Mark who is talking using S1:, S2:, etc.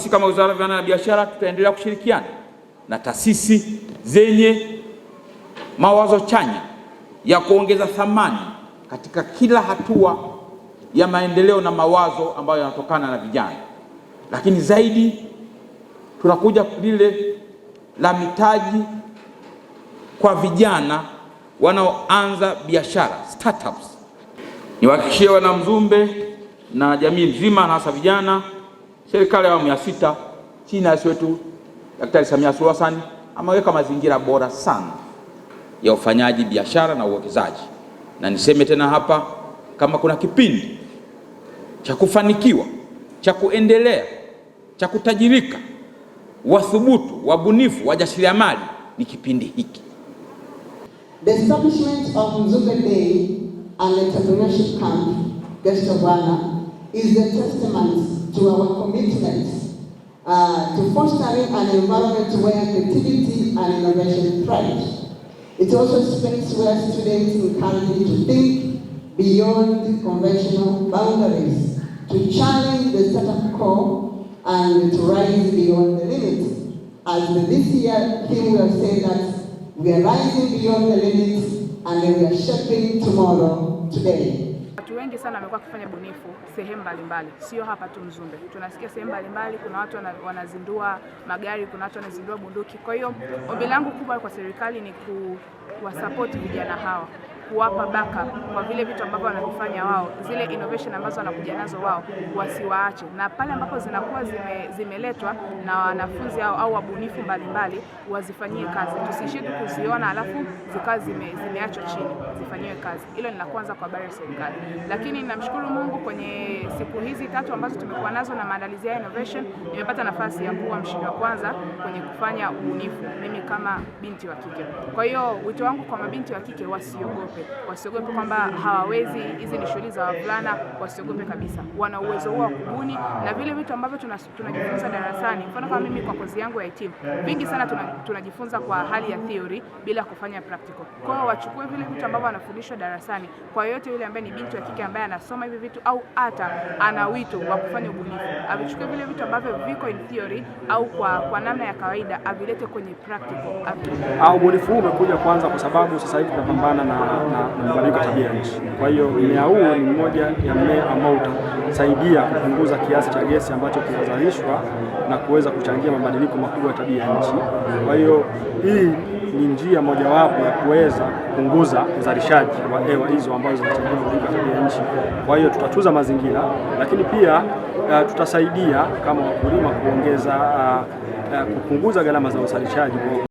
S1: Sisi kama Wizara ya Viwanda na Biashara tutaendelea kushirikiana na taasisi zenye mawazo chanya ya kuongeza thamani katika kila hatua ya maendeleo na mawazo ambayo yanatokana na vijana, lakini zaidi tunakuja lile la mitaji kwa vijana wanaoanza biashara startups. Niwahakikishie wana Mzumbe na jamii nzima na hasa vijana Serikali ya awamu ya sita chini ya rais wetu Daktari Samia Suluhu Hassan ameweka mazingira bora sana ya ufanyaji biashara na uwekezaji, na niseme tena hapa, kama kuna kipindi cha kufanikiwa cha kuendelea cha kutajirika, wathubutu, wabunifu, wajasiriamali ni kipindi hiki.
S2: The establishment of Mzumbe Bay and entrepreneurship camp Geita Bwana is a testament to our commitment uh, to fostering an environment where creativity and innovation thrive. It also speaks where students encouraged to think beyond conventional boundaries, to challenge the status quo and to rise beyond the limits. As this year Kim will say that we are rising beyond the limits and we are shaping tomorrow today.
S3: wengi sana wamekuwa wakifanya bunifu sehemu mbalimbali, sio hapa tu Mzumbe. Tunasikia sehemu mbalimbali kuna watu wanazindua magari, kuna watu wanazindua bunduki. Kwa hiyo ombi langu kubwa kwa serikali ni kuwasapoti vijana hawa kuwapa backup kwa vile vitu ambavyo wanavifanya wao, zile innovation ambazo wanakuja nazo wao wasiwaache, na pale ambapo zinakuwa zime, zimeletwa na wanafunzi hao au wabunifu mbalimbali wazifanyie kazi, tusiishie tu kuziona alafu zikawa zime, zimeachwa chini, zifanyiwe kazi. Hilo ni la kwanza kwa habari ya serikali, lakini namshukuru Mungu kwenye siku hizi tatu ambazo tumekuwa nazo na maandalizi ya innovation, nimepata nafasi ya kuwa mshindi wa kwanza kwenye kufanya ubunifu, mimi kama binti wa kike. Kwa hiyo wito wangu kwa mabinti wa kike wasiogope wasiogope, wasiogope kwamba hawawezi, hizi ni shughuli za wavulana, wasiogope kabisa, wana uwezo huo wa kubuni. Na vile vitu ambavyo tunajifunza darasani, mfano kama mimi kwa kozi yangu ya IT, vingi sana tunajifunza kwa hali ya theory bila kufanya practical. Kwa hiyo wachukue vile vitu ambavyo wanafundishwa darasani, kwa yoyote yule ambaye ni binti wa kike ambaye anasoma hivi vitu au hata ana wito wa kufanya ubunifu, avichukue vile vitu ambavyo viko in theory au kwa, kwa namna ya kawaida avilete kwenye practical.
S4: Ah, ubunifu huu umekuja kwanza kwa sababu sasa hivi tunapambana na na mabadiliko ya tabia nchi. Kwa hiyo mmea huu ni mmoja ya mmea ambao utasaidia kupunguza kiasi cha gesi ambacho kinazalishwa na kuweza kuchangia mabadiliko makubwa ya tabia nchi. Kwa hiyo hii ni njia mojawapo ya kuweza kupunguza uzalishaji wa hewa hizo ambazo zinachangia mabadiliko ya tabia nchi. Kwa hiyo tutatuza mazingira, lakini pia uh, tutasaidia kama wakulima kuongeza uh, uh, kupunguza gharama za uzalishaji.